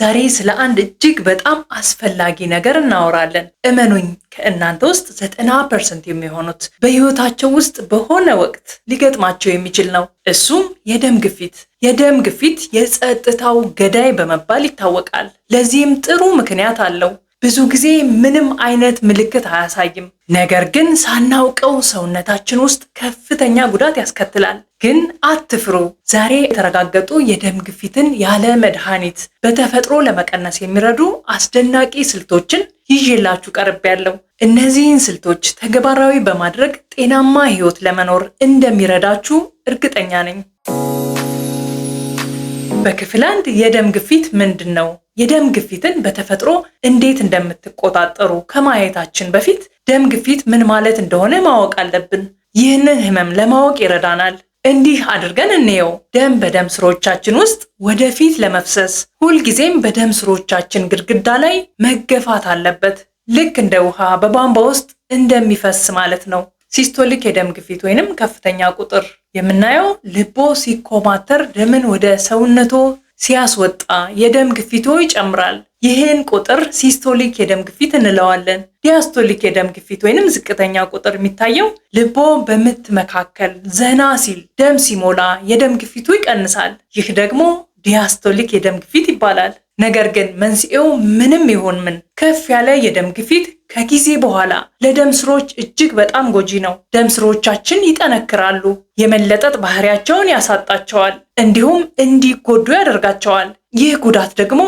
ዛሬ ስለ አንድ እጅግ በጣም አስፈላጊ ነገር እናወራለን። እመኑኝ ከእናንተ ውስጥ ዘጠና ፐርሰንት የሚሆኑት በሕይወታቸው ውስጥ በሆነ ወቅት ሊገጥማቸው የሚችል ነው። እሱም የደም ግፊት። የደም ግፊት የጸጥታው ገዳይ በመባል ይታወቃል። ለዚህም ጥሩ ምክንያት አለው። ብዙ ጊዜ ምንም አይነት ምልክት አያሳይም። ነገር ግን ሳናውቀው ሰውነታችን ውስጥ ከፍተኛ ጉዳት ያስከትላል። ግን አትፍሩ። ዛሬ የተረጋገጡ የደም ግፊትን ያለ መድኃኒት በተፈጥሮ ለመቀነስ የሚረዱ አስደናቂ ስልቶችን ይዤላችሁ ቀርቤያለሁ። እነዚህን ስልቶች ተግባራዊ በማድረግ ጤናማ ሕይወት ለመኖር እንደሚረዳችሁ እርግጠኛ ነኝ። በክፍል አንድ የደም ግፊት ምንድን ነው? የደም ግፊትን በተፈጥሮ እንዴት እንደምትቆጣጠሩ ከማየታችን በፊት ደም ግፊት ምን ማለት እንደሆነ ማወቅ አለብን። ይህንን ህመም ለማወቅ ይረዳናል። እንዲህ አድርገን እንየው። ደም በደም ስሮቻችን ውስጥ ወደፊት ለመፍሰስ ሁልጊዜም በደም ስሮቻችን ግድግዳ ላይ መገፋት አለበት። ልክ እንደ ውሃ በቧንቧ ውስጥ እንደሚፈስ ማለት ነው። ሲስቶሊክ የደም ግፊት ወይንም ከፍተኛ ቁጥር የምናየው ልቦ ሲኮማተር ደምን ወደ ሰውነቶ ሲያስወጣ የደም ግፊቶ ይጨምራል። ይህን ቁጥር ሲስቶሊክ የደም ግፊት እንለዋለን። ዲያስቶሊክ የደም ግፊት ወይንም ዝቅተኛ ቁጥር የሚታየው ልቦ በምት መካከል ዘና ሲል ደም ሲሞላ የደም ግፊቱ ይቀንሳል። ይህ ደግሞ ዲያስቶሊክ የደም ግፊት ይባላል። ነገር ግን መንስኤው ምንም ይሁን ምን ከፍ ያለ የደም ግፊት ከጊዜ በኋላ ለደም ስሮች እጅግ በጣም ጎጂ ነው። ደም ስሮቻችን ይጠነክራሉ፣ የመለጠጥ ባህሪያቸውን ያሳጣቸዋል፣ እንዲሁም እንዲጎዱ ያደርጋቸዋል። ይህ ጉዳት ደግሞ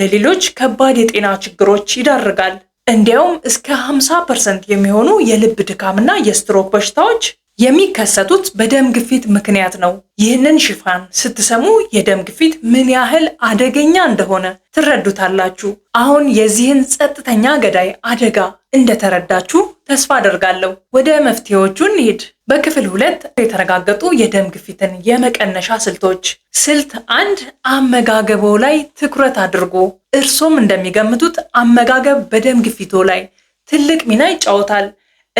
ለሌሎች ከባድ የጤና ችግሮች ይዳርጋል። እንዲያውም እስከ 50 ፐርሰንት የሚሆኑ የልብ ድካምና የስትሮክ በሽታዎች የሚከሰቱት በደም ግፊት ምክንያት ነው። ይህንን ሽፋን ስትሰሙ የደም ግፊት ምን ያህል አደገኛ እንደሆነ ትረዱታላችሁ። አሁን የዚህን ጸጥተኛ ገዳይ አደጋ እንደተረዳችሁ ተስፋ አደርጋለሁ። ወደ መፍትሄዎቹ እንሂድ። በክፍል ሁለት የተረጋገጡ የደም ግፊትን የመቀነሻ ስልቶች። ስልት አንድ አመጋገቦ ላይ ትኩረት አድርጎ። እርሶም እንደሚገምቱት አመጋገብ በደም ግፊቶ ላይ ትልቅ ሚና ይጫወታል።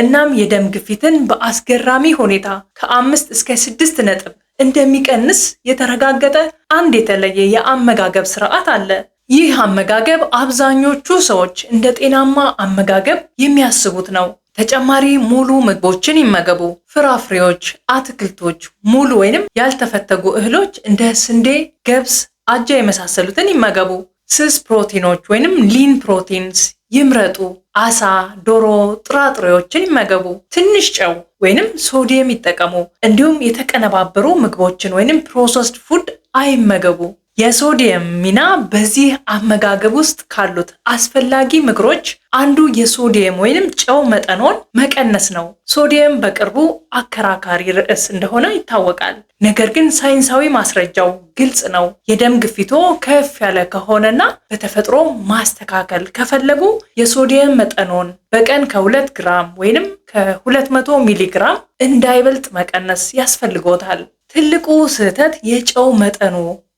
እናም የደም ግፊትን በአስገራሚ ሁኔታ ከአምስት እስከ ስድስት ነጥብ እንደሚቀንስ የተረጋገጠ አንድ የተለየ የአመጋገብ ስርዓት አለ። ይህ አመጋገብ አብዛኞቹ ሰዎች እንደ ጤናማ አመጋገብ የሚያስቡት ነው። ተጨማሪ ሙሉ ምግቦችን ይመገቡ። ፍራፍሬዎች፣ አትክልቶች፣ ሙሉ ወይንም ያልተፈተጉ እህሎች እንደ ስንዴ፣ ገብስ፣ አጃ የመሳሰሉትን ይመገቡ። ስስ ፕሮቲኖች ወይንም ሊን ፕሮቲንስ ይምረጡ። አሳ፣ ዶሮ፣ ጥራጥሬዎችን ይመገቡ። ትንሽ ጨው ወይንም ሶዲየም ይጠቀሙ። እንዲሁም የተቀነባበሩ ምግቦችን ወይንም ፕሮሰስድ ፉድ አይመገቡ። የሶዲየም ሚና በዚህ አመጋገብ ውስጥ ካሉት አስፈላጊ ምክሮች አንዱ የሶዲየም ወይንም ጨው መጠኖን መቀነስ ነው። ሶዲየም በቅርቡ አከራካሪ ርዕስ እንደሆነ ይታወቃል። ነገር ግን ሳይንሳዊ ማስረጃው ግልጽ ነው። የደም ግፊቶ ከፍ ያለ ከሆነና በተፈጥሮ ማስተካከል ከፈለጉ የሶዲየም መጠኖን በቀን ከሁለት ግራም ወይንም ከ200 ሚሊ ግራም እንዳይበልጥ መቀነስ ያስፈልጎታል። ትልቁ ስህተት የጨው መጠኑ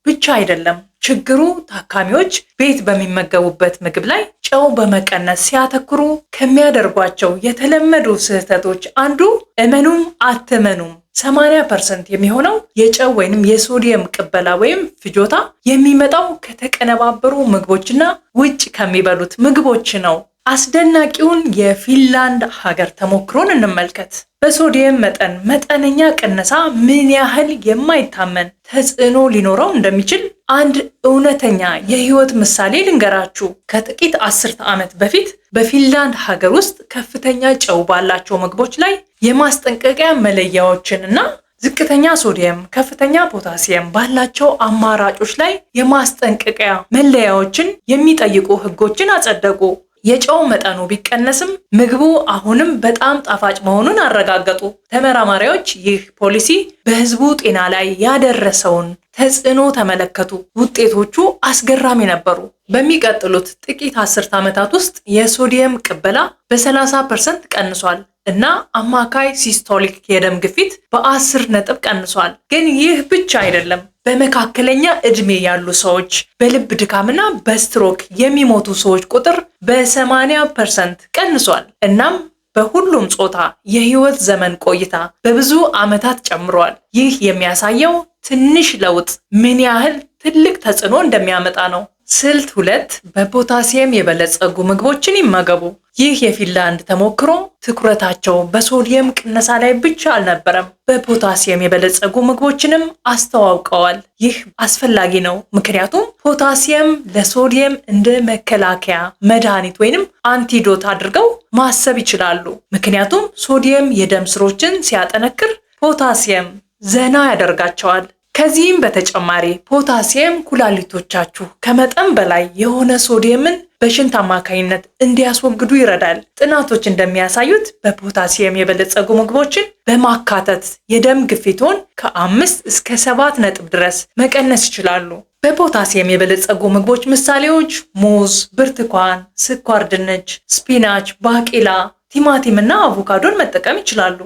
ብቻ አይደለም ችግሩ ታካሚዎች ቤት በሚመገቡበት ምግብ ላይ ጨው በመቀነስ ሲያተኩሩ ከሚያደርጓቸው የተለመዱ ስህተቶች አንዱ እመኑም አትመኑም 80 ፐርሰንት የሚሆነው የጨው ወይንም የሶዲየም ቅበላ ወይም ፍጆታ የሚመጣው ከተቀነባበሩ ምግቦችና ውጭ ከሚበሉት ምግቦች ነው አስደናቂውን የፊንላንድ ሀገር ተሞክሮን እንመልከት። በሶዲየም መጠን መጠነኛ ቅነሳ ምን ያህል የማይታመን ተጽዕኖ ሊኖረው እንደሚችል አንድ እውነተኛ የህይወት ምሳሌ ልንገራችሁ። ከጥቂት አስርተ ዓመት በፊት በፊንላንድ ሀገር ውስጥ ከፍተኛ ጨው ባላቸው ምግቦች ላይ የማስጠንቀቂያ መለያዎችን እና ዝቅተኛ ሶዲየም፣ ከፍተኛ ፖታሲየም ባላቸው አማራጮች ላይ የማስጠንቀቂያ መለያዎችን የሚጠይቁ ህጎችን አጸደቁ። የጨው መጠኑ ቢቀነስም ምግቡ አሁንም በጣም ጣፋጭ መሆኑን አረጋገጡ። ተመራማሪዎች ይህ ፖሊሲ በሕዝቡ ጤና ላይ ያደረሰውን ተጽዕኖ ተመለከቱ። ውጤቶቹ አስገራሚ ነበሩ። በሚቀጥሉት ጥቂት አስርት ዓመታት ውስጥ የሶዲየም ቅበላ በ30 ፐርሰንት ቀንሷል እና አማካይ ሲስቶሊክ የደም ግፊት በ10 ነጥብ ቀንሷል። ግን ይህ ብቻ አይደለም። በመካከለኛ ዕድሜ ያሉ ሰዎች፣ በልብ ድካምና በስትሮክ የሚሞቱ ሰዎች ቁጥር በ80 ፐርሰንት ቀንሷል። እናም በሁሉም ጾታ የህይወት ዘመን ቆይታ በብዙ ዓመታት ጨምሯል። ይህ የሚያሳየው ትንሽ ለውጥ ምን ያህል ትልቅ ተጽዕኖ እንደሚያመጣ ነው። ስልት ሁለት በፖታሲየም የበለጸጉ ምግቦችን ይመገቡ። ይህ የፊንላንድ ተሞክሮ ትኩረታቸው በሶዲየም ቅነሳ ላይ ብቻ አልነበረም፣ በፖታሲየም የበለጸጉ ምግቦችንም አስተዋውቀዋል። ይህ አስፈላጊ ነው፣ ምክንያቱም ፖታሲየም ለሶዲየም እንደ መከላከያ መድኃኒት ወይንም አንቲዶት አድርገው ማሰብ ይችላሉ። ምክንያቱም ሶዲየም የደም ስሮችን ሲያጠነክር፣ ፖታሲየም ዘና ያደርጋቸዋል። ከዚህም በተጨማሪ ፖታሲየም ኩላሊቶቻችሁ ከመጠን በላይ የሆነ ሶዲየምን በሽንት አማካኝነት እንዲያስወግዱ ይረዳል። ጥናቶች እንደሚያሳዩት በፖታሲየም የበለጸጉ ምግቦችን በማካተት የደም ግፊቶን ከአምስት እስከ ሰባት ነጥብ ድረስ መቀነስ ይችላሉ። በፖታሲየም የበለጸጉ ምግቦች ምሳሌዎች ሙዝ፣ ብርቱካን፣ ስኳር ድንች፣ ስፒናች፣ ባቄላ፣ ቲማቲም እና አቮካዶን መጠቀም ይችላሉ።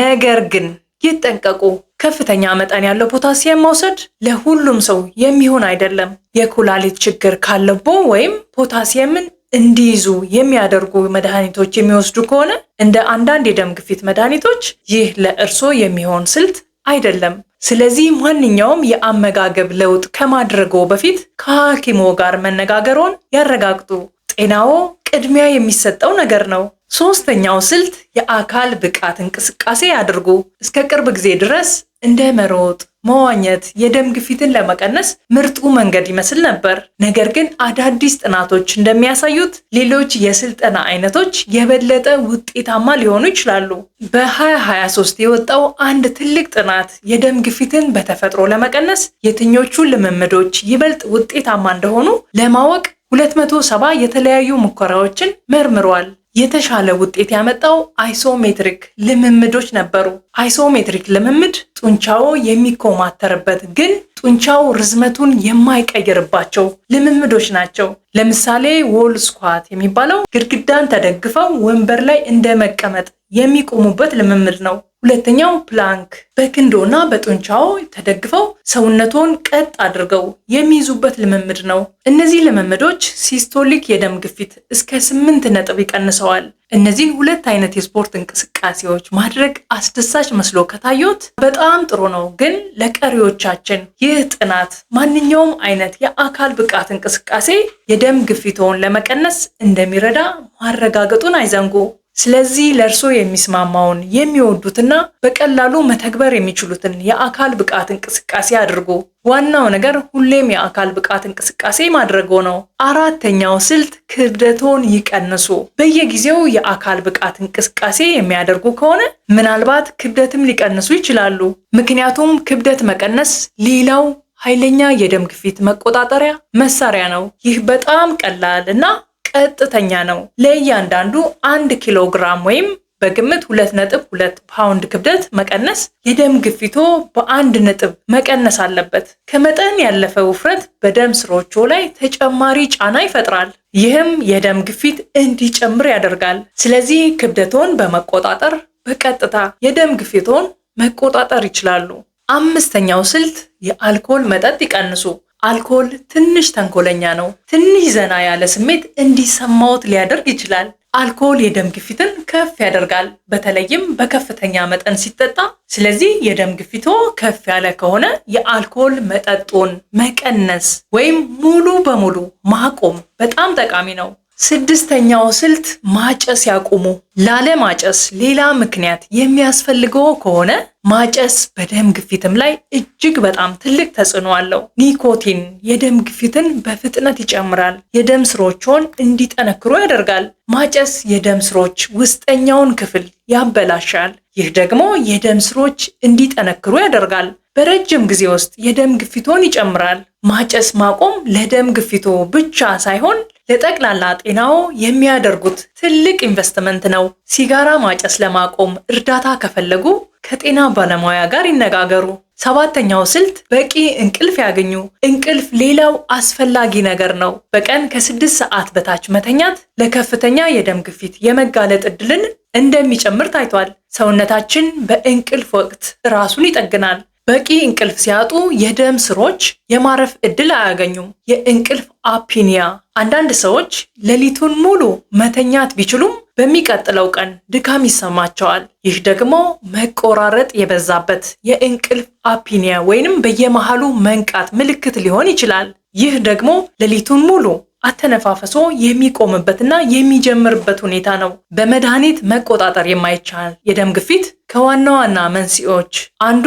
ነገር ግን ይጠንቀቁ። ከፍተኛ መጠን ያለው ፖታሲየም መውሰድ ለሁሉም ሰው የሚሆን አይደለም። የኩላሊት ችግር ካለቦ ወይም ፖታሲየምን እንዲይዙ የሚያደርጉ መድኃኒቶች የሚወስዱ ከሆነ እንደ አንዳንድ የደም ግፊት መድኃኒቶች ይህ ለእርስዎ የሚሆን ስልት አይደለም። ስለዚህ ማንኛውም የአመጋገብ ለውጥ ከማድረጎ በፊት ከሐኪሞ ጋር መነጋገሮን ያረጋግጡ። ጤናዎ ቅድሚያ የሚሰጠው ነገር ነው። ሶስተኛው ስልት የአካል ብቃት እንቅስቃሴ ያድርጉ። እስከ ቅርብ ጊዜ ድረስ እንደ መሮጥ፣ መዋኘት የደም ግፊትን ለመቀነስ ምርጡ መንገድ ይመስል ነበር። ነገር ግን አዳዲስ ጥናቶች እንደሚያሳዩት ሌሎች የስልጠና አይነቶች የበለጠ ውጤታማ ሊሆኑ ይችላሉ። በ2023 የወጣው አንድ ትልቅ ጥናት የደም ግፊትን በተፈጥሮ ለመቀነስ የትኞቹ ልምምዶች ይበልጥ ውጤታማ እንደሆኑ ለማወቅ 270 የተለያዩ ሙከራዎችን መርምሯል። የተሻለ ውጤት ያመጣው አይሶሜትሪክ ልምምዶች ነበሩ። አይሶሜትሪክ ልምምድ ጡንቻዎ የሚኮማተርበት ግን ጡንቻው ርዝመቱን የማይቀይርባቸው ልምምዶች ናቸው። ለምሳሌ ዎል ስኳት የሚባለው ግድግዳን ተደግፈው ወንበር ላይ እንደ መቀመጥ የሚቆሙበት ልምምድ ነው። ሁለተኛው ፕላንክ በክንዶና በጡንቻው ተደግፈው ሰውነቶን ቀጥ አድርገው የሚይዙበት ልምምድ ነው። እነዚህ ልምምዶች ሲስቶሊክ የደም ግፊት እስከ ስምንት ነጥብ ይቀንሰዋል። እነዚህን ሁለት አይነት የስፖርት እንቅስቃሴዎች ማድረግ አስደሳች መስሎ ከታዩት በጣም ጥሩ ነው። ግን ለቀሪዎቻችን ይህ ጥናት ማንኛውም አይነት የአካል ብቃት እንቅስቃሴ የደም ግፊትዎን ለመቀነስ እንደሚረዳ ማረጋገጡን አይዘንጉ። ስለዚህ ለእርስዎ የሚስማማውን የሚወዱትና በቀላሉ መተግበር የሚችሉትን የአካል ብቃት እንቅስቃሴ አድርጉ። ዋናው ነገር ሁሌም የአካል ብቃት እንቅስቃሴ ማድረጎ ነው። አራተኛው ስልት ክብደቶን ይቀንሱ። በየጊዜው የአካል ብቃት እንቅስቃሴ የሚያደርጉ ከሆነ ምናልባት ክብደትም ሊቀንሱ ይችላሉ። ምክንያቱም ክብደት መቀነስ ሌላው ኃይለኛ የደም ግፊት መቆጣጠሪያ መሳሪያ ነው። ይህ በጣም ቀላል እና ቀጥተኛ ነው። ለእያንዳንዱ አንድ ኪሎ ግራም ወይም በግምት ሁለት ነጥብ ሁለት ፓውንድ ክብደት መቀነስ የደም ግፊቶ በአንድ ነጥብ መቀነስ አለበት። ከመጠን ያለፈ ውፍረት በደም ስሮቹ ላይ ተጨማሪ ጫና ይፈጥራል። ይህም የደም ግፊት እንዲጨምር ያደርጋል። ስለዚህ ክብደቶን በመቆጣጠር በቀጥታ የደም ግፊቶን መቆጣጠር ይችላሉ። አምስተኛው ስልት የአልኮል መጠጥ ይቀንሱ። አልኮል ትንሽ ተንኮለኛ ነው። ትንሽ ዘና ያለ ስሜት እንዲሰማዎት ሊያደርግ ይችላል። አልኮል የደም ግፊትን ከፍ ያደርጋል፣ በተለይም በከፍተኛ መጠን ሲጠጣ። ስለዚህ የደም ግፊቶ ከፍ ያለ ከሆነ የአልኮል መጠጡን መቀነስ ወይም ሙሉ በሙሉ ማቆም በጣም ጠቃሚ ነው። ስድስተኛው ስልት ማጨስ ያቁሙ። ላለማጨስ ሌላ ምክንያት የሚያስፈልገው ከሆነ ማጨስ በደም ግፊትም ላይ እጅግ በጣም ትልቅ ተጽዕኖ አለው። ኒኮቲን የደም ግፊትን በፍጥነት ይጨምራል፣ የደም ስሮችን እንዲጠነክሩ ያደርጋል። ማጨስ የደም ስሮች ውስጠኛውን ክፍል ያበላሻል። ይህ ደግሞ የደም ስሮች እንዲጠነክሩ ያደርጋል። በረጅም ጊዜ ውስጥ የደም ግፊቶን ይጨምራል። ማጨስ ማቆም ለደም ግፊቶ ብቻ ሳይሆን ለጠቅላላ ጤናዎ የሚያደርጉት ትልቅ ኢንቨስትመንት ነው። ሲጋራ ማጨስ ለማቆም እርዳታ ከፈለጉ ከጤና ባለሙያ ጋር ይነጋገሩ። ሰባተኛው ስልት በቂ እንቅልፍ ያገኙ። እንቅልፍ ሌላው አስፈላጊ ነገር ነው። በቀን ከስድስት ሰዓት በታች መተኛት ለከፍተኛ የደም ግፊት የመጋለጥ ዕድልን እንደሚጨምር ታይቷል። ሰውነታችን በእንቅልፍ ወቅት ራሱን ይጠግናል። በቂ እንቅልፍ ሲያጡ የደም ስሮች የማረፍ እድል አያገኙም። የእንቅልፍ አፒኒያ። አንዳንድ ሰዎች ሌሊቱን ሙሉ መተኛት ቢችሉም በሚቀጥለው ቀን ድካም ይሰማቸዋል። ይህ ደግሞ መቆራረጥ የበዛበት የእንቅልፍ አፒኒያ ወይንም በየመሃሉ መንቃት ምልክት ሊሆን ይችላል። ይህ ደግሞ ሌሊቱን ሙሉ አተነፋፈሶ የሚቆምበትና የሚጀምርበት ሁኔታ ነው። በመድኃኒት መቆጣጠር የማይቻል የደም ግፊት ከዋና ዋና መንስኤዎች አንዱ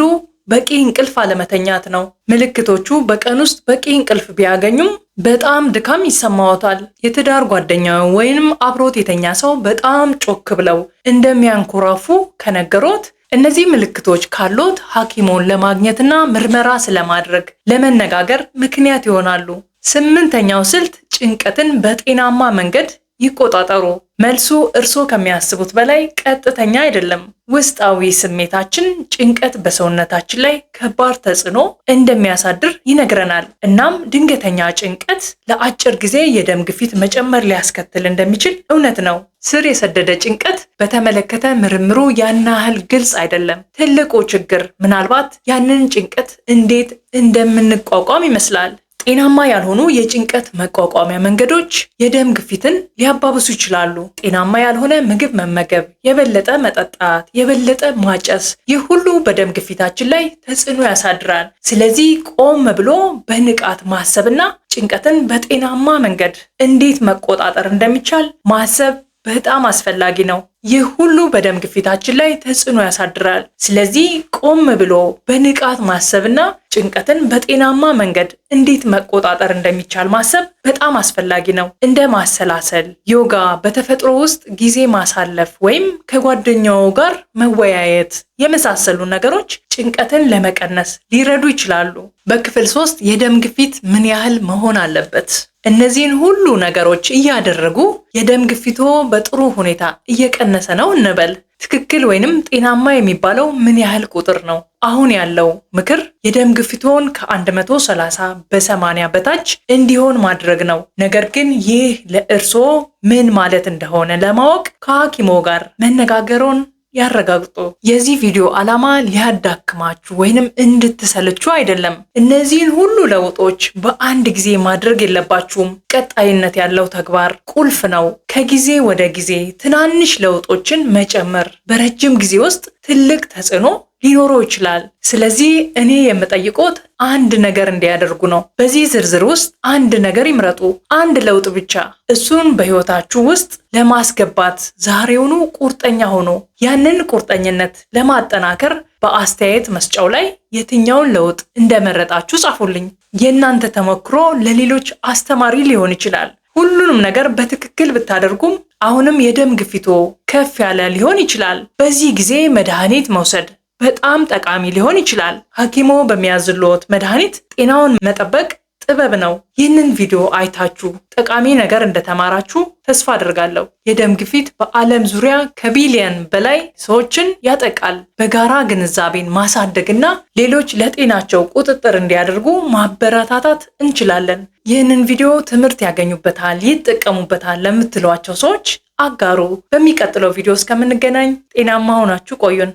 በቂ እንቅልፍ አለመተኛት ነው። ምልክቶቹ በቀን ውስጥ በቂ እንቅልፍ ቢያገኙም በጣም ድካም ይሰማዎታል። የትዳር ጓደኛው ወይንም አብሮት የተኛ ሰው በጣም ጮክ ብለው እንደሚያንኮራፉ ከነገሮት እነዚህ ምልክቶች ካሎት ሐኪሞን ለማግኘትና ምርመራ ስለማድረግ ለመነጋገር ምክንያት ይሆናሉ። ስምንተኛው ስልት ጭንቀትን በጤናማ መንገድ ይቆጣጠሩ። መልሱ እርስዎ ከሚያስቡት በላይ ቀጥተኛ አይደለም። ውስጣዊ ስሜታችን ጭንቀት በሰውነታችን ላይ ከባድ ተጽዕኖ እንደሚያሳድር ይነግረናል። እናም ድንገተኛ ጭንቀት ለአጭር ጊዜ የደም ግፊት መጨመር ሊያስከትል እንደሚችል እውነት ነው። ስር የሰደደ ጭንቀት በተመለከተ ምርምሩ ያን ያህል ግልጽ አይደለም። ትልቁ ችግር ምናልባት ያንን ጭንቀት እንዴት እንደምንቋቋም ይመስላል። ጤናማ ያልሆኑ የጭንቀት መቋቋሚያ መንገዶች የደም ግፊትን ሊያባብሱ ይችላሉ። ጤናማ ያልሆነ ምግብ መመገብ፣ የበለጠ መጠጣት፣ የበለጠ ማጨስ፣ ይህ ሁሉ በደም ግፊታችን ላይ ተጽዕኖ ያሳድራል። ስለዚህ ቆም ብሎ በንቃት ማሰብና ጭንቀትን በጤናማ መንገድ እንዴት መቆጣጠር እንደሚቻል ማሰብ በጣም አስፈላጊ ነው። ይህ ሁሉ በደም ግፊታችን ላይ ተጽዕኖ ያሳድራል። ስለዚህ ቆም ብሎ በንቃት ማሰብና ጭንቀትን በጤናማ መንገድ እንዴት መቆጣጠር እንደሚቻል ማሰብ በጣም አስፈላጊ ነው። እንደ ማሰላሰል፣ ዮጋ፣ በተፈጥሮ ውስጥ ጊዜ ማሳለፍ ወይም ከጓደኛው ጋር መወያየት የመሳሰሉ ነገሮች ጭንቀትን ለመቀነስ ሊረዱ ይችላሉ። በክፍል ሶስት የደም ግፊት ምን ያህል መሆን አለበት? እነዚህን ሁሉ ነገሮች እያደረጉ የደም ግፊቶ በጥሩ ሁኔታ እየቀነ እየቀነሰ ነው እንበል። ትክክል ወይንም ጤናማ የሚባለው ምን ያህል ቁጥር ነው? አሁን ያለው ምክር የደም ግፊቶን ከ130 በ80 በታች እንዲሆን ማድረግ ነው። ነገር ግን ይህ ለእርስዎ ምን ማለት እንደሆነ ለማወቅ ከሐኪሞ ጋር መነጋገሮን ያረጋግጡ። የዚህ ቪዲዮ ዓላማ ሊያዳክማችሁ ወይንም እንድትሰለቹ አይደለም። እነዚህን ሁሉ ለውጦች በአንድ ጊዜ ማድረግ የለባችሁም። ቀጣይነት ያለው ተግባር ቁልፍ ነው። ከጊዜ ወደ ጊዜ ትናንሽ ለውጦችን መጨመር በረጅም ጊዜ ውስጥ ትልቅ ተጽዕኖ ሊኖረው ይችላል። ስለዚህ እኔ የምጠይቆት አንድ ነገር እንዲያደርጉ ነው። በዚህ ዝርዝር ውስጥ አንድ ነገር ይምረጡ፣ አንድ ለውጥ ብቻ። እሱን በህይወታችሁ ውስጥ ለማስገባት ዛሬውኑ ቁርጠኛ ሆኖ ያንን ቁርጠኝነት ለማጠናከር በአስተያየት መስጫው ላይ የትኛውን ለውጥ እንደመረጣችሁ ጻፉልኝ። የእናንተ ተሞክሮ ለሌሎች አስተማሪ ሊሆን ይችላል። ሁሉንም ነገር በትክክል ብታደርጉም አሁንም የደም ግፊቶ ከፍ ያለ ሊሆን ይችላል። በዚህ ጊዜ መድኃኒት መውሰድ በጣም ጠቃሚ ሊሆን ይችላል። ሐኪሞ በሚያዝሎት መድኃኒት ጤናውን መጠበቅ ጥበብ ነው። ይህንን ቪዲዮ አይታችሁ ጠቃሚ ነገር እንደተማራችሁ ተስፋ አድርጋለሁ። የደም ግፊት በዓለም ዙሪያ ከቢሊየን በላይ ሰዎችን ያጠቃል። በጋራ ግንዛቤን ማሳደግና ሌሎች ለጤናቸው ቁጥጥር እንዲያደርጉ ማበረታታት እንችላለን። ይህንን ቪዲዮ ትምህርት ያገኙበታል፣ ይጠቀሙበታል ለምትሏቸው ሰዎች አጋሩ። በሚቀጥለው ቪዲዮ እስከምንገናኝ ጤናማ ሆናችሁ ቆዩን።